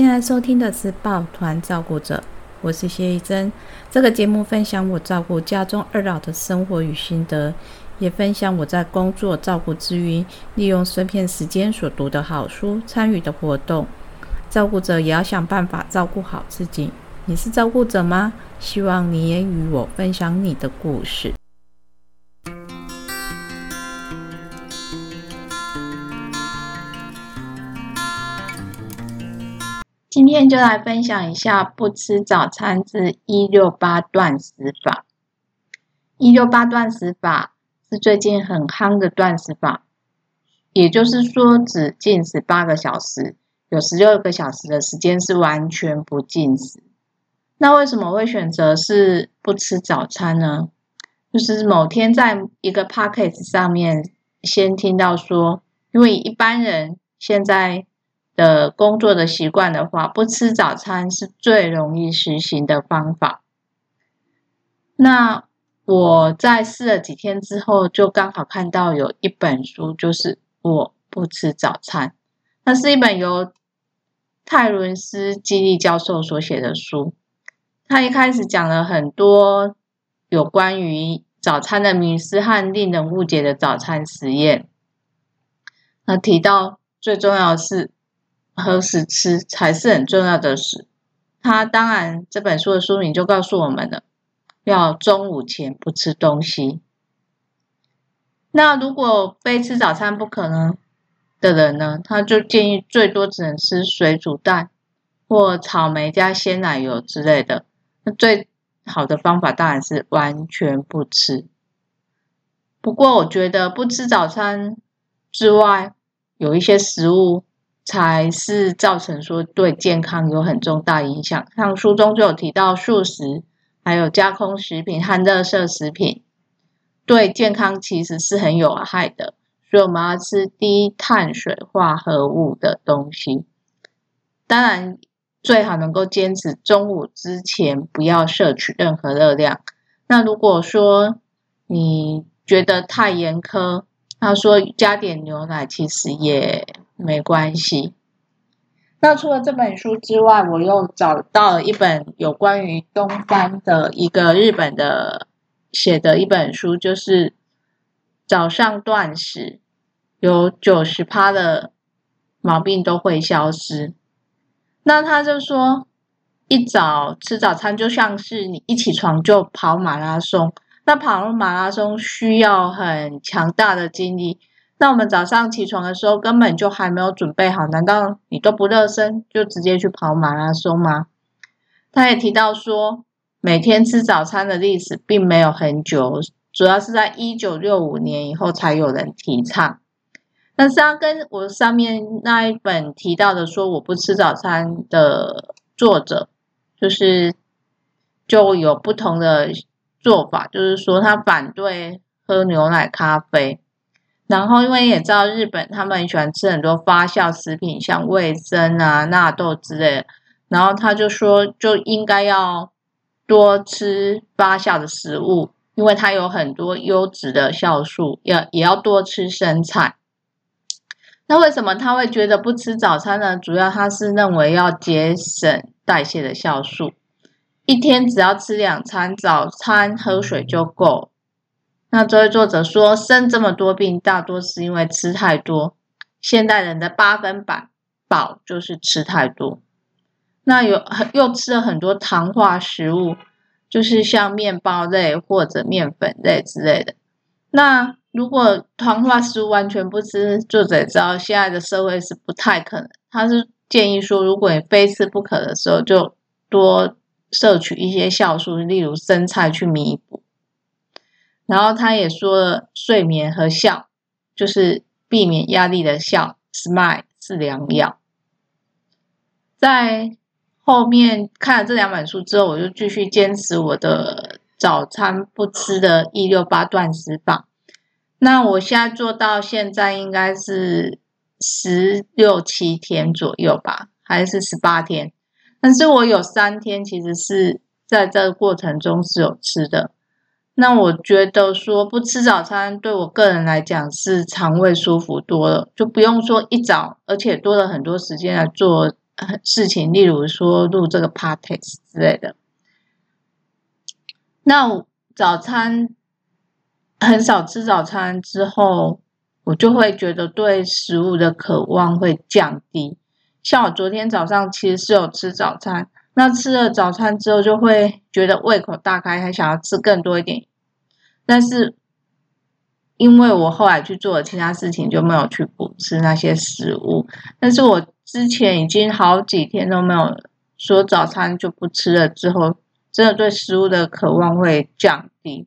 現在收聽的是《抱團照顧者》，我是謝一珍。這個節目分享我照顧家中二老的生活與心得，也分享我在工作照顧之餘，利用碎片時間所讀的好書、參與的活動。照顧者也要想辦法照顧好自己。你是照顧者嗎？希望你也與我分享你的故事。今天就來分享一下不吃早餐之一六八斷食法。一六八斷食法是最近很夯的斷食法，也就是說只進食八個小時，有十六個小時的時間是完全不進食。那為什麼會選擇是不吃早餐呢？就是某天在一個 podcast 上面先聽到說，因為一般人現在。的工作的習慣的話，不吃早餐是最容易實行的方法。那我在試了幾天之後，就剛好看到有一本書，就是《我不吃早餐》，它是一本由泰倫斯基利教授所寫的書。他一開始講了很多有關於早餐的迷思和令人誤解的早餐實驗。那提到最重要的是。何時吃才是很重要的事。他當然，這本書的書名就告訴我們了：要中午前不吃東西。那如果非吃早餐不可呢的人呢？他就建議最多只能吃水煮蛋或草莓加鮮奶油之類的。那最好的方法當然是完全不吃。不過，我覺得不吃早餐之外，有一些食物。才是造成說對健康有很重大影響。像書中就有提到，素食、還有加工食品和垃圾食品，對健康其實是很有害的。所以我們要吃低碳水化合物的東西。當然，最好能夠堅持中午之前不要攝取任何熱量。那如果說你覺得太嚴苛，他說加點牛奶，其實也。沒關係。那除了這本書之外，我又找到了一本有關於東方的一個日本的寫的一本書，就是早上斷食，有九十趴的毛病都會消失。那他就說，一早吃早餐就像是你一起床就跑馬拉松，那跑馬拉松需要很強大的精力。那我們早上起床的時候根本就還沒有準備好，難道你都不熱身就直接去跑馬拉松嗎？他也提到說，每天吃早餐的歷史並沒有很久，主要是在一九六五年以後才有人提倡。但是他跟我上面那一本提到的說我不吃早餐的作者，就是就有不同的做法，就是說他反對喝牛奶咖啡。然後，因為也知道日本他們很喜歡吃很多發酵食品，像味噌啊、納豆之類的。然後他就說，就應該要多吃發酵的食物，因為它有很多優質的酵素，要也要多吃生菜。那為什麼他會覺得不吃早餐呢？主要他是認為要節省代謝的酵素，一天只要吃兩餐，早餐喝水就夠。那這位作者說，生這麼多病，大多是因為吃太多。現代人的八分飽，飽就是吃太多。那有很又吃了很多糖化食物，就是像麵包類或者面粉類之類的。那如果糖化食物完全不吃，作者也知道現在的社會是不太可能。他是建議說，如果你非吃不可的時候，就多攝取一些酵素，例如生菜去彌補。然後他也說了，睡眠和笑，就是避免壓力的笑，smile 是良藥。在後面看了這兩本書之後，我就繼續堅持我的早餐不吃的一六八斷食法。那我現在做到現在應該是十六七天左右吧，還是十八天？但是我有三天其實是在這個過程中是有吃的。那我覺得說不吃早餐對我個人來講是腸胃舒服多了，就不用說一早，而且多了很多時間來做事情，例如說錄這個 podcast 之類的。那早餐很少吃早餐之後，我就會覺得對食物的渴望會降低。像我昨天早上其實是有吃早餐。那吃了早餐之後，就會覺得胃口大開，還想要吃更多一點。但是因為我後來去做了其他事情，就沒有去補吃那些食物。但是我之前已經好幾天都沒有說早餐就不吃了，之後真的對食物的渴望會降低。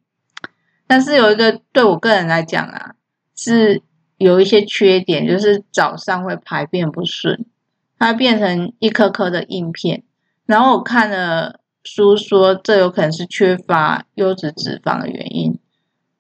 但是有一個對我個人來講啊，是有一些缺點，就是早上會排便不順，它變成一顆顆的硬片。然後我看了書，說這有可能是缺乏優質脂肪的原因，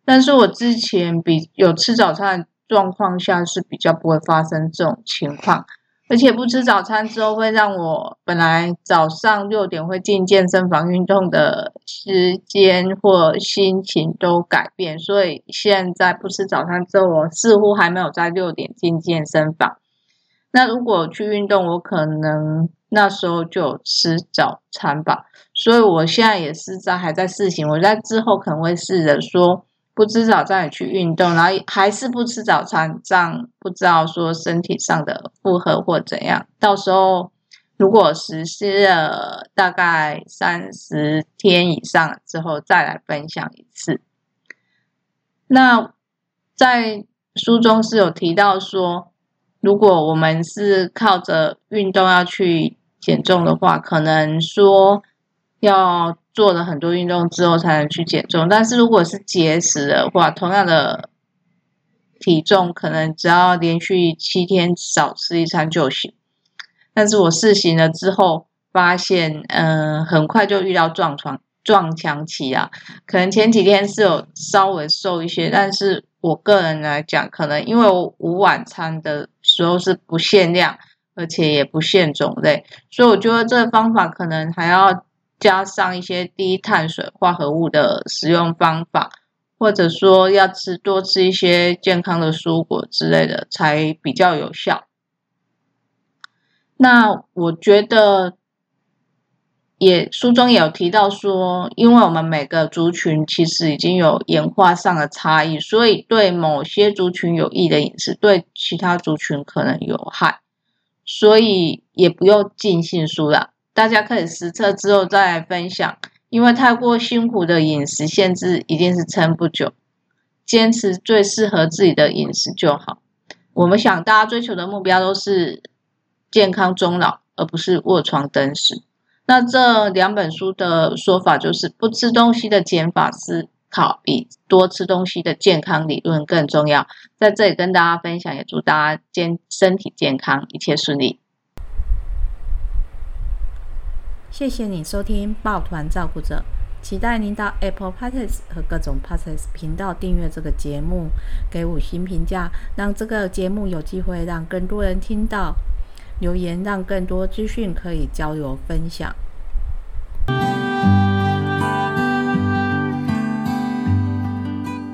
但是我之前比有吃早餐的狀況下是比較不會發生這種情況，而且不吃早餐之後會讓我本來早上六點會進健身房運動的時間或心情都改變，所以現在不吃早餐之後，我似乎還沒有在六點進健身房。那如果去運動，我可能那時候就吃早餐吧，所以我現在也是在還在試行，我在之後可能會試着說不吃早餐也去運動，然後還是不吃早餐，這樣不知道說身體上的負荷或怎樣。到時候如果實施了大概三十天以上之後，再來分享一次。那在書中是有提到說，如果我們是靠着運動要去減重的話，可能說要做了很多運動之後才能去減重。但是如果是節食的話，同樣的體重，可能只要連續七天少吃一餐就行。但是我試行了之後，發現嗯、呃，很快就遇到狀況。撞牆期啊，可能前幾天是有稍微瘦一些，但是我個人來講，可能因為我午晚餐的時候是不限量，而且也不限種類，所以我覺得這個方法可能還要加上一些低碳水化合物的食用方法，或者說要吃多吃一些健康的蔬果之類的，才比較有效。那我覺得。也書中也有提到說，因為我們每個族群其實已經有演化上的差異，所以對某些族群有益的飲食，對其他族群可能有害。所以也不用盡信書了，大家可以實測之後再來分享。因為太過辛苦的飲食限制，一定是撐不久。堅持最適合自己的飲食就好。我們想，大家追求的目標都是健康終老，而不是臥床等死。那這兩本書的說法就是，不吃東西的減法思考比多吃東西的健康理論更重要。在這裡跟大家分享，也祝大家健身體健康，一切順利。謝謝你收聽《抱團照顧者》，期待您到 Apple Podcasts 和各種 Podcast 頻道訂閱這個節目，給五星評價，讓這個節目有機會讓更多人聽到。留言，讓更多資訊可以交流分享。